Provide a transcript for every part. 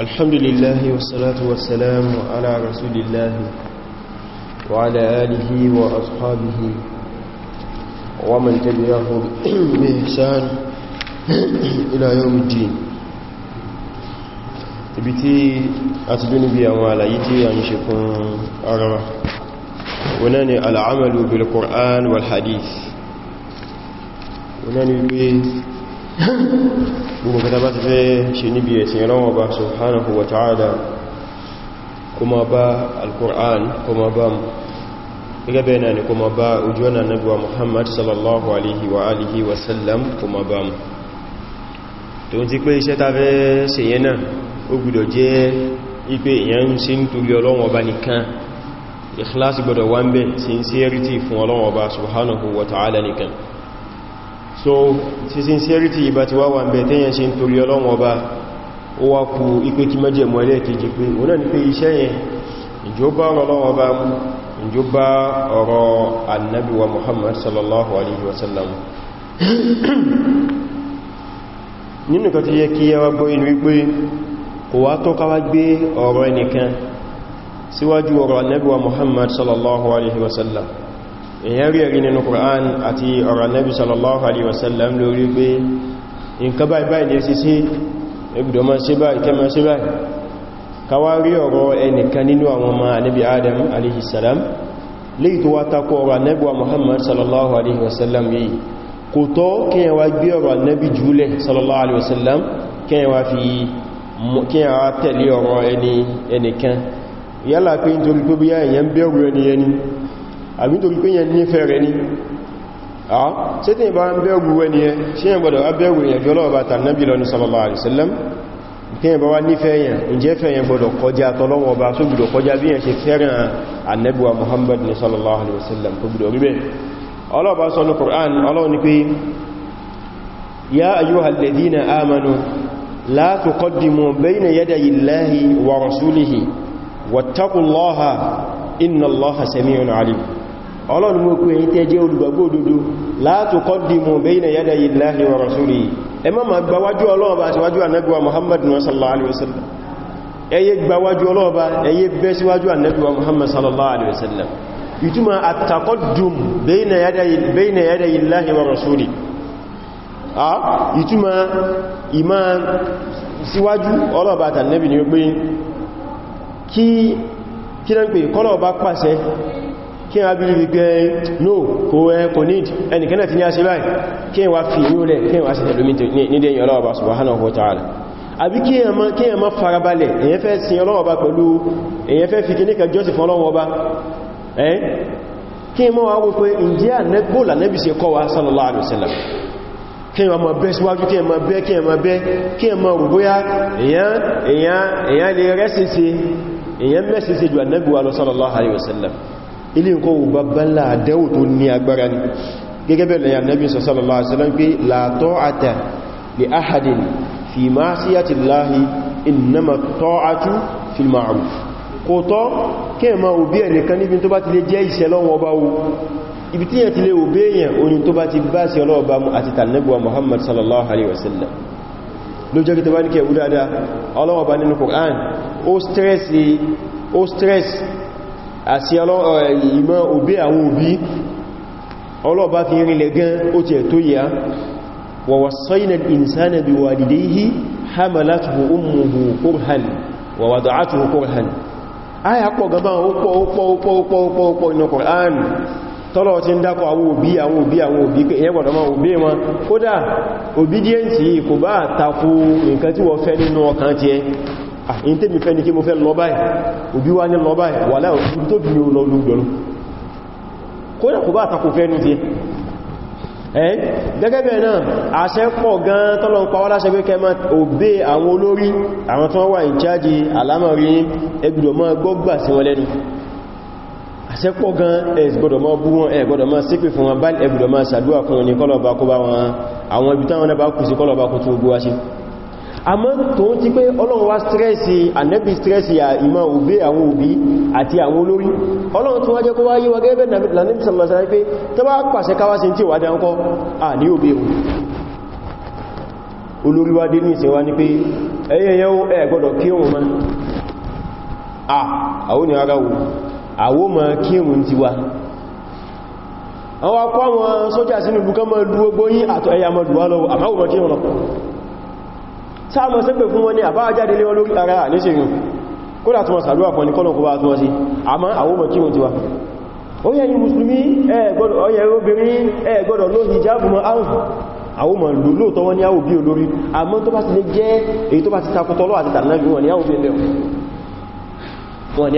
الحمد لله والصلاة والسلام على رسول الله وعلى آله وأصحابه ومن تبعهم بإحسان إلى يوم الدين ibi tí a ti dúnibí àwọn àlàyé tí a ń ṣe fún ara wa wọ́n ni al'amalu bil Qur'an wal hadith wọ́n ni gbogbo kata bá ti fẹ́ ṣe níbi ẹ̀sìn ìrànwọ̀ bá subhanahu wa ta'ala kuma bá al-Qur'an kuma bá mu gẹ́gẹ́ bẹ́ẹ̀ náà ni kuma bá ojú ọ̀nà nabuwa Muhammad sallallahu alaihi wa alihi wasallam kuma bá mu tó ti pé iṣẹ́ ta fẹ́ ṣe yẹn náà ó gbọ́dọ̀ jẹ́ ipé èyàn ń ń torí Ọlọ́run Ọba nìkan ikhlasi gbọ́dọ̀ wá ń bẹ̀ sincerity fún Ọlọ́run Ọba subhanahu wa ta'ala nìkan so ti sincerity ìbá ti wá wà ń bẹ̀ tẹ́yẹn ṣe ń torí ọlọ́run ọba ó wá kú ipé kí mẹ́jẹ̀mọ́ ẹlẹ́ẹ̀kejì pé òun náà ní pé iṣẹ́ yẹn ìjọba ọlọ́run ọba mú ìjọba ọ̀rọ̀ annabi muhammad sallallahu alaihi wasallam nínú kan ti yẹ kí yẹ wá gbọ́ inú wípé kò wá tó ká wá gbé ọ̀rọ̀ ẹnìkan síwájú ọ̀rọ̀ annabi wa muhammad sallallahu alaihi wasallam èyàn rí ẹ̀rí nínú Qur'an àti ọ̀rọ̀ Nabi sallallahu alaihi wasallam lórí pé nǹkan báyìí báyìí ní ẹsí sí ibùdó ma ṣe báyìí kẹ ma ṣe báyìí káwá rí ọ̀rọ̀ ẹnìkan nínú àwọn ọmọ Nabi Adam alaihi salam léyìí tó wá takọ ọ̀rọ̀ Nabi Muhammad sallallahu alaihi wasallam yìí kò tọ́ kíyàn wá gbé ọ̀rọ̀ Nabi jùlẹ̀ àbí nítorí pé yẹn nífẹ́ rẹ̀ ní àá ṣe tí ìbá ń bẹ̀rù ẹni ẹ ṣe yẹn gbọdọ̀ abẹ́rù èyàn jọ lọ́wọ́ bá tànàbí lọ ní sallallahu alaihi wasallam tí yẹn bá wá nífẹ́ yẹn ìjẹ́fẹ́ yẹn gbọdọ̀ kọjá tọ́lọ́wọ́ bá tó gbọdọ̀ kọjá bí yẹn ṣe fẹ́ràn annabuwa Muhammad ní sallallahu alaihi wasallam tó gbọdọ̀ rí bẹ́ẹ̀ Ọlọ́run bá inna Allaha sami'un alim ọlọ́run mú pé èyí tẹ́ jẹ́ olùgbàgbọ́ òdodo la tuqaddimu bayna yadayi Allahi wa rasulihi ẹ má ma gbawájú ọlọ́run bá síwájú ànẹ́gbà Muhammad sallallahu alaihi wasallam ẹ yé gbawájú ọlọ́run bá ẹ yé bẹ́ síwájú ànẹ́gbà Muhammad sallallahu alaihi wasallam ìtumọ̀ at-taqaddum bayna yadayi bayna yadayi Allahi wa rasulihi a ìtumọ̀ ìmá síwájú kí kí pè kọ́lọ̀ bá pàṣẹ kí wọ́n bí wípé no kò ẹ kò ní ẹnìkanáà ti ní aṣe báyìí kí wọ́n fi yíó lẹ̀ kí wọ́n sì tẹ̀lú nídẹ̀yìn ọlọ́ọ̀bá subhanahu wa ta'ala àbí kí èyàn má farabalẹ̀ èyàn fẹ́ sin ọlọ́ọ̀bá pẹ̀lú èyàn fẹ́ fi kíníkà jọ́sì fún ọlọ́ọ̀bá ẹ́ kí mọ́ wá wípé ǹjẹ́ ànẹ́gbòlà nẹ́bì sí kọ́ wa sallallahu alaihi wasallam kí ẹ ma bẹ́ síwájú kí ẹ ma bẹ́ kí ẹ ma bẹ́ kí ẹ ma rò bóyá èyàn lè rẹ́sìsì èyàn mẹ́sìsì jù ànẹ́gbòlà sallallahu alaihi wasallam ilé nǹkan ò babban láàdẹ́wò tó ní agbára ni gẹ́gẹ́ bẹ̀rẹ̀ ya nabi sallallahu alaihi wasallam pé la ta'ata li ahadin fi ma'siyati llahi innama ta'atu fil ma'ruf kò tọ́ kí ẹ ma òbí ẹ̀ nìkan níbi tó bá ti lè jẹ́ ìṣẹ́ lọ́wọ́ bá wú ibi tí yẹn ti lè òbí èèyàn oyin tó bá ti bá sí ọlọ́wọ́ bá mú àti Muhammad sallallahu alaihi wasallam ló jẹ́ kìtàbá ní kẹ ó stress àti ìmọ̀ òbí àwọn òbí ọlọ́ọ̀bá fi rinlẹ̀ gan ó ti ẹ̀tọ́ yá wa wassayna al-insana biwalidayhi hamalathu ummuhu kurhan wa wada'athu kurhan aya pọ̀ gaba tọ́lọ̀ ti ń dákọ̀ àwọn òbí àwọn òbí àwọn òbí ẹ̀yẹ́ gbọ̀dọ̀ òbí wọn kódà obedience kò bá tako nǹkan tí wọ́n fẹ́ nínú ọkàn ti ẹ àyín ah, tèmi fẹ́ ní kí mo fẹ́ lọ báyìí òbí wá ní lọ báyìí wà láì òbí tó bí ní lọ lúgbọ̀nù kódà kò bá àtakò fẹ́ ní ti ẹ́ gẹ́gẹ́ bẹ̀ẹ̀ náà àṣẹ pọ̀ gan tọ́lọ ń pàwọ́lá ṣe pé kẹma òbé àwọn olórí àwọn tó wà in charge alámọ̀rí ẹgbùdọ̀ mọ́ gbọ́gbà sí wọn lẹ́nu àṣẹ pọ̀ gan ẹgbùdọ̀ mọ́ bú wọn ẹgbùdọ̀ mọ́ sípè fún wọn àmọ́ tó ń ti pé ọlọ́run wá strẹ́sì ànẹ́bì strẹ́sì ìmọ̀ òbí àwọn òbí àti àwọn olórí ọlọ́run tó wájẹ́ kó wá yíwa gẹ́gẹ́ lànẹ́bì sàmàsà pé tó bá pàṣẹ káwá sí tí wà dáńkọ́ à ní òbí olórí wá dé ní ìsẹ̀wá ní pé ẹyẹyẹ ẹ gbọ́dọ̀ kí òun ma àwọn ma kí òun ti wá àwọn akọ́ àwọn sójà sínú ibùkán mọ́ lú ogbóyín àtọ̀ ẹyà mọ́ lù wá àmáwò mọ́ kí òun lọ́pọ̀ sáàmọ̀ sẹ́pẹ̀ fún wọn ní àbájáde lé wọn lórí ara nísìnyìn kódà tí wọ́n sàlúwà fún ní kọ́nà kó bá tí wọ́n sí àmọ́ àwọ́mọ̀ kí wọ́n ti wá ó yẹ ni musulmi ọyẹ obìnrin ẹ gbọ́dọ̀ ló hijabu mọ́ áhùn àwọ́mọ̀ lóòtọ́ wọn ni áwò bí olórí àmọ́ tó bá ti lè jẹ́ èyí tó bá ti takọtọ́lọ́ àti tàbí wọn ni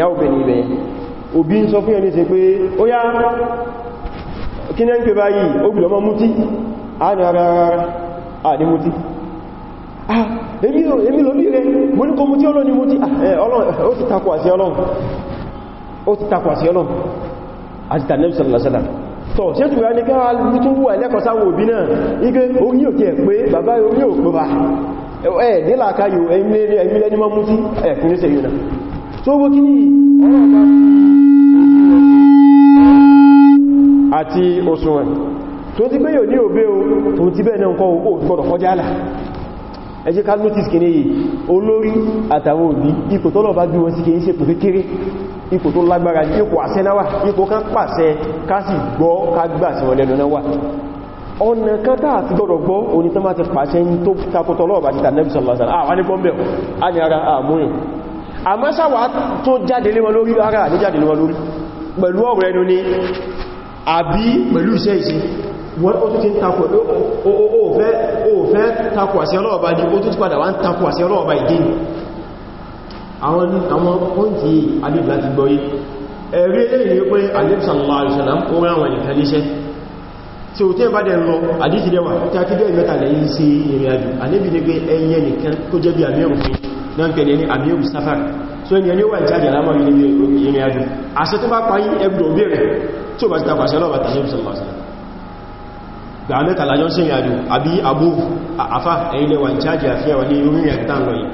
áwò bẹ̀rẹ̀ ibẹ̀ òbí ń sọ fún ẹni sí pé ó yá kí ní ń pè báyìí ó gbìlọ́mọ́ mútí á ní ara rárá à ní mútí ah, èmi lóbi rẹ̀ mo ní kò mú tí ọlọ́ni mo ti ó ti takò àti ọlọ́run àti tànẹ́bì sọ̀rọ̀lọ́sọ́lá tọ̀ tí ó tùwẹ́ ní káwà ní tún wà ẹlẹ́kọ̀ọ́ sáwọn òbí náà igé orí òkè ẹ̀ pé bàbá orí òkè bá ẹ̀ nílàkáyò ẹ̀mí lẹ́ni mọ́ mú sí ẹ̀kùn ní sẹ́yìn náà tó wó kí ní ọlọ́ọ̀bá àti òṣùwọ̀n tó ti pé yóò ní òbí o tó ti bẹ́ẹ̀ náà kọ́ ẹ jẹ́ ká notice kìíní yìí olórí àtàwọn òbí ipò tọ́lọ̀ bá gbé wọn sí kìí ṣe pò kékeré ipò tó lágbára ní ipò àṣẹ náà wà ipò ká pàṣẹ ká sì gbọ́ ká gbà sí wọn lẹ́nu náà wà ọ̀nà kan táà ti gbọ́dọ̀ gbọ́ oní tó máa ti pàṣẹ tó takọtọ̀ ah, ní ni àbí pẹ̀lú iṣẹ́ ìṣẹ́ wọ́n ó tún ti ń takọ̀ ó takò àṣẹ Ọlọ́run bá ní ó tó padà wá ń takò àṣẹ Ọlọ́run bá ìdí àwọn pọ́ǹtì alìbì láti gbọ́ yìí ẹ̀rí eléyìí pé alìbì sallallahu alaihi wasallam ó rán àwọn ìkan níṣẹ́ tí ó tẹ́ bá dẹ̀ lọ àdíjì dẹwà tí a kí bẹ́ẹ̀ mẹ́ta lẹ́yìn sí ìrìn àjò alìbì ní pé ẹyẹ nìkan kó jẹ́ bí àmírù fún náà pẹ̀lẹ̀ ní àmírù sáfàr so ẹni ẹni wà jáde alámọ̀rí ní ìrìn àjò àṣẹ tó bá parí ẹgbùdọ̀ bèèrè tí ti tapàṣẹ lọ́wọ́ tàbí sallallahu gbà mẹ́ta lájọ́ sí ìrìnàjò àbí àbó àfá ẹ̀yìnlẹ̀ wà ìjájì àfihàn wà ní orí ìrìnàjò tàn lọ yìí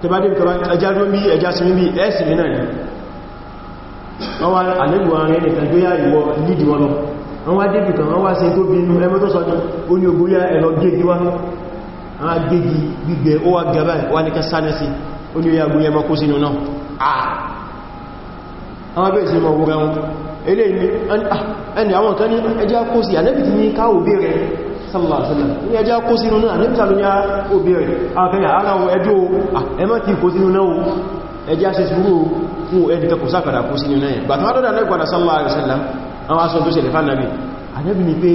tó bá dé kọrọ ẹjá ló bí ẹjá sí níbi ẹ̀sì nínà ní wọ́n wá àlẹ́gbọ̀n rẹ̀ nìkan gbé ìwọ lídì wọn lọ wọ́n wá débì kan wọ́n wá sí tó bí inú ẹmọ́ tó sọ́jọ́ ó ní ogóyá ẹ̀lọ gẹ́gí wá wọ́n á gẹ́gí gbígbẹ ó wá gẹ́bà wá ní kẹsánẹ́ sí ó ní ogóyá ẹmọ́ kó ilé ìní ah, ẹni àwọn kan ní ẹjá kó sí ànẹ́bì ti ní ká òbí rẹ̀ sallallahu alaihi wasallam ní ẹjá kó sínú náà ànẹ́bì tàbí ya òbí rẹ̀ àkẹyà ara wọn ẹjọ́ ah, ẹmọ́ ti kó sínú náà ẹjá ṣe sùúrù fún ẹdìkẹ́ kò sákàdà kó sínú náà gbàtàwà dọ́dà lẹ́gbàdà sallallahu alaihi wasallam àwọn aṣọ tó ṣẹlẹ̀ fánàbì ànẹ́bì ni pé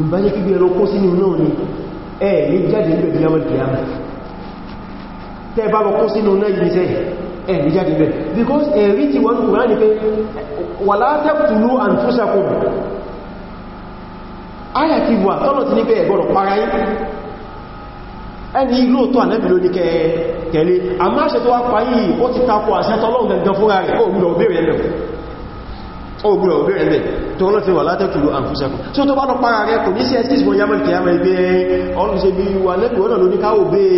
ìbáyé kí bí ẹlọ kó sínú náà ni ẹ̀ ní jáde níbẹ̀ bí yamọ́ kìí ẹ̀rí jáde bẹ̀ because ẹ̀rí ti wọ́n kùnrin ní pé wà látẹ́kùtùlú and fúsàkùn ayà ti wà tọ́lọ̀ ti ní pé ẹ̀gbọ́rọ̀ para yí ẹni ilú òtọ́ ànẹ́bì ló ní kẹ tẹ̀lé àmáṣẹ́ tó wá payí ó ti takò àṣẹ́tọ́lọ́ ogbùrọ̀ òbí rẹ̀ tó lọ́tí wà látẹ́kùlù àǹfúsẹ́kùn tí ó tó bá lọ para rẹ̀ kò ní sí ẹ̀sìs wọn yàmọ̀ kìyàmọ̀ ẹgbẹ́ ọdún ṣe bí wà lẹ́gbẹ̀ẹ́ ọ̀nà lóní káwò bẹ́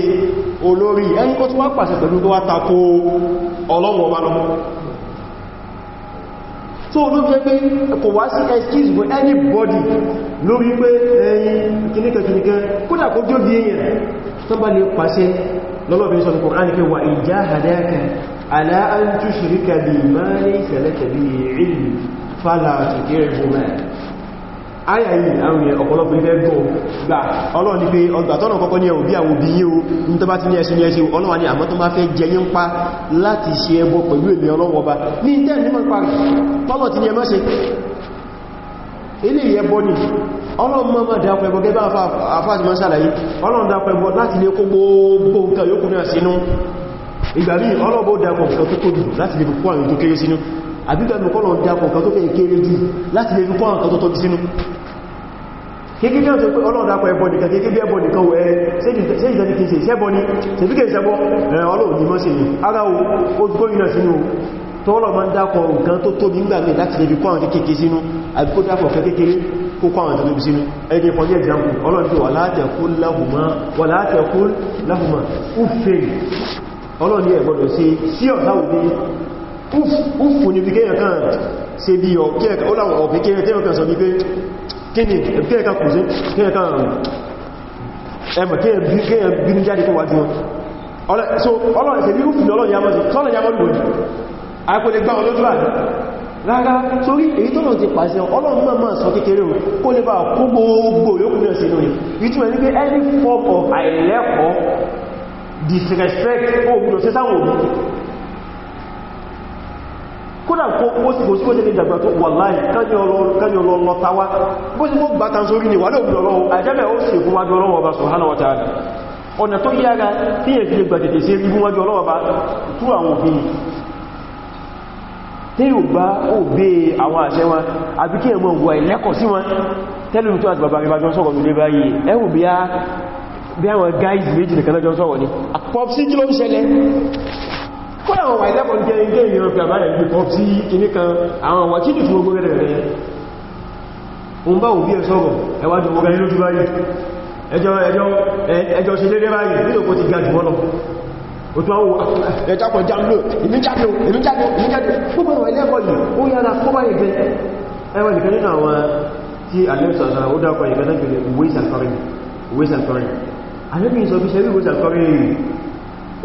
olórí ẹni kó tó wá pàṣẹ pẹ̀lú tó wá tako ọlọ́wọ̀ ọba lọ́mọ́ tó ló jẹ́ pé kò wá sí excuse for anybody lórí pé ẹ̀yìn kìníkẹ̀kìníkẹ́ kódà kó jó bí èèyàn tó bá lè pàṣẹ lọ́lọ́bìnrin sọ́dún kòránì pé wà ìjáhàdáka على أن تشرك بي ما ليس لك به علم فلا تطعهما aya yìí àwọn èèyàn ọ̀pọ̀lọpọ̀ ìfẹ́ gbọ́ gbà ọlọ́run ní pé ọgbàtọ́nà kọ́kọ́ ní ẹ̀wọ̀bí àwọn obìnrin yíò ní tó bá ti ní ẹṣin ní ẹṣin ọlọ́wà ní àmọ́ tó bá fẹ́ jẹyìn pa láti ṣe ẹbọ pẹ̀lú èmì ọlọ́wọ́ bá ní tẹ́ẹ̀ nímọ̀ ìgbàmí ọlọ́bọ̀ dápọ̀ nǹkan tó tóbi láti lè fi kó àwọn tó kéré sínú àbígbàmí kọ́lọ̀ dápọ̀ nǹkan tó fẹ́ kéré jù láti lè fi kó àwọn tó tóbi sínú kékeré ọ̀tọ̀ pé ọlọ́run dápọ̀ ẹbọ nìkan kékeré ẹbọ nìkan wẹ́ sí ìjẹ́ kí ṣe ìṣẹ́bọ ni tẹ̀fíkẹ̀ ìṣẹ́bọ ọlọ́run yìí mọ́ sí ni ara o gbóyìnà sínú tọ́lọ̀ ma ń dápọ̀ nǹkan tó tóbi ńgbà mẹ́ láti lè fi kó àwọn kékeré sínú àbí kó dápọ̀ fẹ́ kékeré kó kó àwọn tóbi sínú ẹni fọ́ ní example ọlọ́run tó wà látẹ̀kún láhùmá ọlọ́ni ẹ̀ gbọ́dọ̀ ṣe sí ọ̀dá òní úfù ní kíkẹ́yàn kan ṣe bí ọláwọ̀ ọ̀fẹ́ kíkẹ́yàn kan sọ bí pé kíni kíkẹ́yàn kan kù sí kíkẹ́yàn kan ẹmọ̀ kíkẹ́yàn bínú jáde kó wájú rárá torí èyí tó náà ti pàṣẹ ọlọ́run náà máa sọ kékeré o kó lè bá kó gbogbo yóò kú náà sí lórí ìtumẹ̀ ní pé any form of àìlẹ́kọ̀ọ́ disrespect ó gbọ́dọ̀ sí sáwọn òbí kódà kó sí kò sí kójẹ́ ní ìdàgbà tó wà láì kányọ lọ lọ tawá bó sí mọ́ bàtà sórí ni wà náà gbọ́dọ̀ lọ́wọ́ àjẹ́mẹ̀ ó sì fún wájú ọlọ́wọ́ ọba subhanahu wa ta'ala ọ̀nà tó yára tí yẹ fi gbà tètè sí fún wájú ọlọ́wọ́ ọba tú àwọn òbí tí yóò bá òbí àwọn bí àwọn guys méjì nìkan lọ́jọ́ sọ̀rọ̀ ni àpọ̀psí kí ló ń ṣẹlẹ̀ kọ́lá àwọn wà ìlẹ́kọ̀ọ́ jẹ́ ilé ìran fi àbáyẹ̀ gbé pọ̀psí kìní kan àwọn wà kí nìtún ogun rẹ̀ rẹ̀ ń bá òbí ẹ̀ sọ̀rọ̀ ẹwàjọ ogun ẹ̀ lójú báyìí ẹjọ́ ṣe dédé báyìí nílò kó ti ga jù mọ́nà òtún àwọn ẹjápọ̀ jámlò ìmíjáde ìmíjáde ìmíjáde gbogbo àwọn ilẹ́kọ̀ọ́ yìí ó yára kó báyìí gẹ ẹwà nìkan nínú àwọn tí alẹ́sọ̀sọ̀ ó dákọ̀ ìgbẹ́lẹ́gbẹ̀lẹ̀ ways and foreign àníbì sọ bí ṣẹ́bí ìgbésà kọrí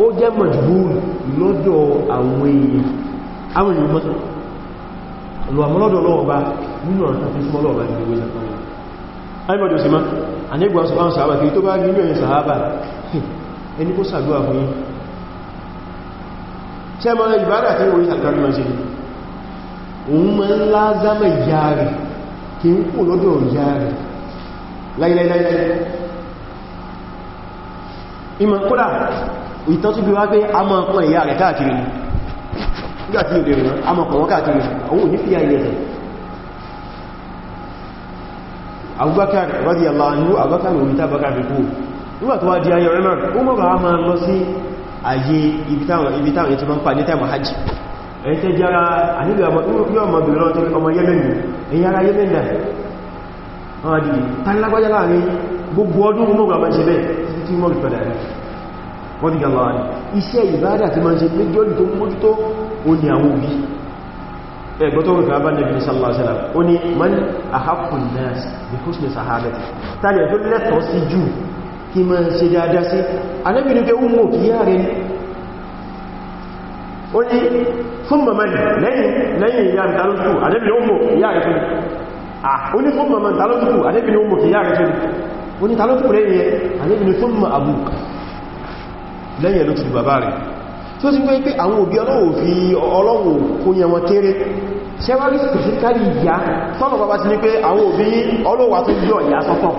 ó jẹ́ mọ̀júbúrù lọ́dọ̀ àwọn èèyàn àwọn èèyàn mọ́sán lọ àmọ́ lọ́dọ̀ lọ́wọ́ bá nínú ọ̀nà tàbí súnmọ́ lọ́wọ́ bá ní ìgbésà kọrí àìmọ̀dọ̀ sí máa àníbìwọ̀n sọ fáwọn sàábà kí tó bá rí ní ọ̀yìn sàábà ẹni kó ìmọ̀ kódà ìtàn tó bí wá pé a mọ́ ọkùn ìyá rẹ̀ káàkiri ni nígbàtí ò bèèrè náà a mọ́ ọkùn káàkiri àwọn òní fíyà ilẹ̀ rẹ̀ Abubakar radiyallahu anhu Abubakar omi tá Abubakar fi kú nígbà tó a máa lọ sí ayé ibi táwọn ibi táwọn ètò máa ń pa ní tẹ́mọ̀ hajj ẹ̀yìn tẹ́ jára àníbẹ̀ ọmọ bèèrè ọmọ ọmọ Yemeni ẹ̀yìn ara Yemeni dà wọ́n di tàílágbájá láàrin gbogbo ọdún Umar a máa ṣe bẹ́ẹ̀ tí mọ́ ìfẹ̀lẹ̀ rẹ̀ wọ́n ti gà lọ́wọ́ rẹ̀ iṣẹ́ ìbádà ti máa ń ṣe méjọ́lì tó mójútó ó ní àwọn òbí ẹgbọ́tọ̀ wípé abánàbí sallallahu ó ní man ahaqqun nas bi husni sahabati tàbí ẹ̀tọ́ lẹ́tọ̀ọ́ sí jù kí ma ṣe dáadáa sí anábì ní pé ó mọ̀ kí yáre ní ó ní fún mamani lẹ́yìn ìyá ìtàlókù anábì ní ó mọ̀ kí yáre tó ní oní ta ló kú lẹ́yìn ẹ̀ àníbi ni fún àbú lẹ́yìn ló ti di bàbá rẹ̀ tó ti gbé pé àwọn òbí ọlọ́wọ̀ fi ọlọ́wọ̀ kó yẹ wọn kéré ṣẹ́wàrí spesifikali ìyá tọ́nà bàbá ti ní pé àwọn òbí ọlọ́wà tó yọ ìyá sọ́tọ̀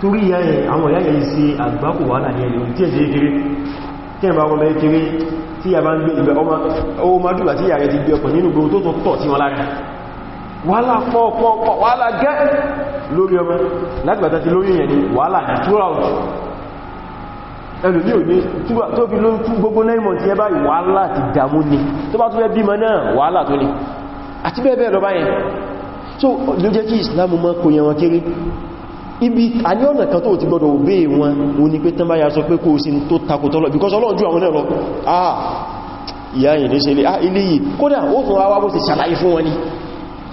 torí ìyá ẹ̀ àwọn ìyá yẹn sí àgbákò wà náà ní ẹni tí ẹ̀jẹ́ kéré tí ẹ̀bá ọmọ kéré tí ìyá bá ń gbé ìgbẹ̀ ọmọ ọmọdúnlá tí ìyá rẹ̀ ti gbé ọkọ̀ nínú gbogbo tó tọ́ sí wọn lára wàhálà pọ̀pọ̀pọ̀ wàhálà gẹ́ lórí ọmọ lágbàtà ti lórí yẹn ni wàhálà natural ẹlùmí ò ní tó fi lórí gbogbo lẹ́mọ̀ tí ẹ báyìí wàhálà ti dàmú ni tó bá tó fẹ́ bímọ náà wàhálà tó ní àti bẹ́ẹ̀bẹ́ẹ̀ lọ báyẹn so ló jẹ́ kí Islam mọ́ kò yẹn wọn kéré ibi àní ọ̀nà kan tó ti gbọdọ̀ òbé wọn o ní pé tán bá ya sọ pé kó o sí tó takòtọ́lọ̀ because Ọlọ́run ju àwọn náà ah ìyá yìí ní ṣe ah, ilé yìí kódà ó fún wa wá bó ti ṣàlàyé fún wọn ni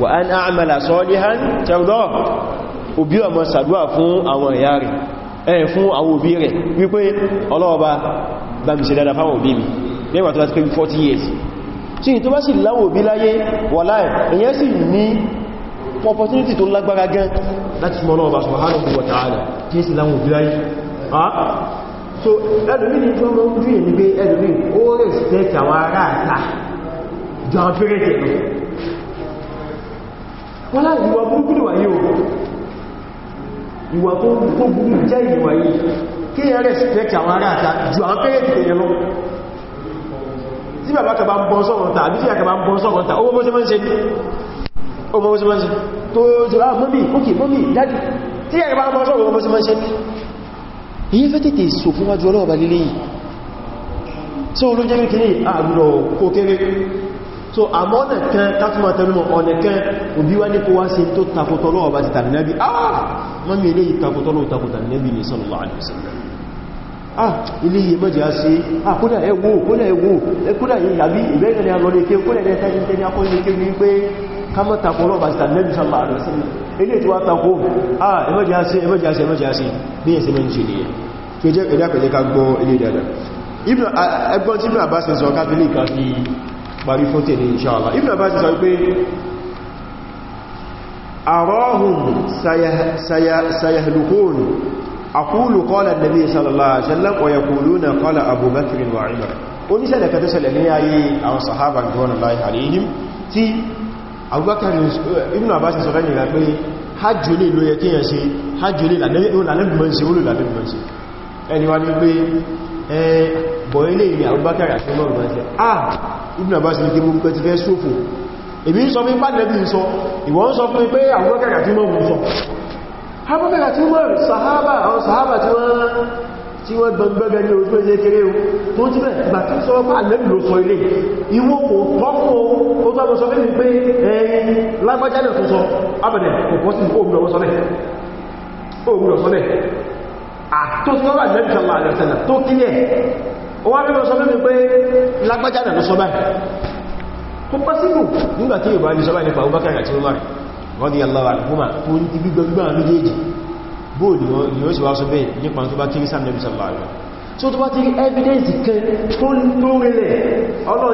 wà án àmàlà sọ́líhán tẹ́rọ òbí ọmọ sàdúwà fún àwọn ìyá rẹ̀ ẹ̀ fún àwọn òbí rẹ̀ wípé ọlọ́ọba bá mi ṣe dada fáwọn òbí mi lẹ́wà tó láti pé 40 years tí tó bá sì láwọn òbí láyé wà láì èyẹ́ sì ní opportunity tó lágbára gan láti mọ́ ọlọ́ọba subhanahu wa ta'ala kí sì láwọn òbí láyé so ẹlòmí ni tó mọ́ ń dúyẹ̀ ní pé ẹlòmí ó rẹ̀ sí àwọn ará àtà jọ àwọn fẹ́rẹ̀ tẹ̀lú wọ́n láti ìwà burúkú níwà yíò ìwà tó burú jẹ́ ìwà yìí kí ẹ rẹ̀sìpẹ̀kì àwọn ará àta ju àwọn pẹ́yẹ̀tì tẹ̀yẹ lọ tí bàbá kà bá ń bọ́ sọ̀rọ̀ ta àbí tí kà bá ń bọ́ sọ̀rọ̀ ta owó bó ṣe mọ́ ṣe tó ṣe rá mọ́bí òkè mọ́bí dájú tí kà bá ń bọ́ sọ̀rọ̀ bó ṣe mọ́ so àmọ́ ọ̀nà kan kátùmọ̀ tẹnumọ̀ ọ̀nà kan òbí wá ní kó wá sí tó takòtọ́lọ́ ọba ti tàbí nẹ́bí ah mọ́mí ilé yìí takòtọ́lọ́ takòtà nẹ́bí ní sallallahu alaihi wasallam ah ilé yìí mọ́jì á sí ah kódà ẹwò kódà ẹwò kódà yìí yàbí ìbẹ́rẹ̀ ni a lọ lè ké kódà ẹ̀ẹ́ta ìtẹni akọ́lẹ̀ ké kama takọ̀lọ́ ọba ti tàbí nẹ́bí sallallahu alaihi wasallam ilé ah ẹmọ́jì á sí ẹmọ́jì á sí ẹmọ́jì á sí bí ẹ̀sẹ̀ mẹ́ ń ṣe nìyẹn tó jẹ́ ẹ̀dá pẹ̀lẹ́ ká gbọ́ ilé dada parí fún tèlé inṣáàlá Ibn Abbas sọ pé arahum sayahlukun aqulu qala an-nabi sallallahu alaihi wasallam wa yaquluna qala Abu Bakr wa Umar oníṣẹ́lẹ̀ kẹta ṣẹlẹ̀ ní ayé àwọn sahaba gbọ́nà láì àríhìm tí Abubakar Ibn Abbas sọ rẹ̀ nígbà pé hajjúlé ló yẹ kíyàn ṣe hajjúlé lànàbìmọ̀ ṣe olùlànàbìmọ̀ ṣe ẹni wá ní bọ̀ ilé ìyà Abubakar àti Umar bá ṣe ah Ibn Abbas ní kí mú pẹ́ ti fẹ́ sófò èmi ń sọ fún ipá nẹ́bí ń sọ ìwọ ń sọ fún pé Abubakar àti Umar ń sọ Abubakar àti Umar sahaba àwọn sahaba tí wọ́n tí wọ́n gbọmgbẹ́gbẹ́ ní ojú ẹjẹ́ kéré o ah, tó ti bẹ̀rẹ̀ bà tí sọ pà lẹ́bí ló sọ ilé ìwọ kò tọ́kùn o tó tọ́kùn sọ fẹ́lẹ̀ pé ẹ̀yìn lágbàjálẹ̀ tó sọ abẹ̀dẹ̀ kò pọ́ sí òmìnà wọ́n sọ bẹ́ẹ̀ òmìnà sọ bẹ́ẹ̀ àtọ́sọ́rọ̀ àjẹ́bìsànlá àjẹ́sẹ̀lá tó kílẹ̀ ó wá bẹ́rẹ̀ sọ lórí pé lágbájá nà sọ báyìí kò pọ́sílù nígbàtí ìbá ní sọ báyìí nípa Abubakar àti Umar radiyallahu anhuma tó ń ti gbígbàgbà méjèèjì bó ni ó sì wá sọ bẹ́ẹ̀ kiri sáà nẹ́bí so tó bá ti rí evidence kan tó ń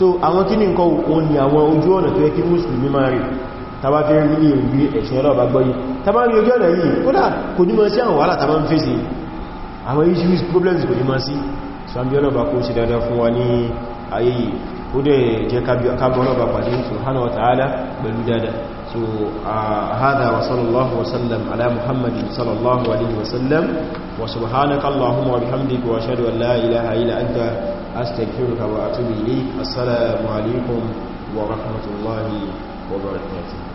so àwọn kí ní nǹkan òun ni àwọn ojú ọ̀nà tó yẹ kí mùsùlùmí máa rí tàbá fi rí ní ìrùgbé ẹ̀sìn ọlọ́ọ̀bá gbọ́yí tàbá rí ojú ọ̀nà yìí kódà kò ní mọ́ sí àwọn wàhálà tàbá ń fèsì àwọn issues problems kò ní mọ́ sí sàbí ọlọ́ọ̀bá kó ṣe dáadáa fún wa ní ayé yìí ó jẹ́ kábọ̀ ọlọ́ọ̀bá pàdé subhanahu wa ta'ala pẹ̀lú dáadáa So آه، هذا وصلى الله وسلم على محمد صلى الله عليه وسلم وسبحانك اللهم وبحمدك واشهد ان لا اله الا انت استغفرك واتوب اليك السلام عليكم ورحمه الله وبركاته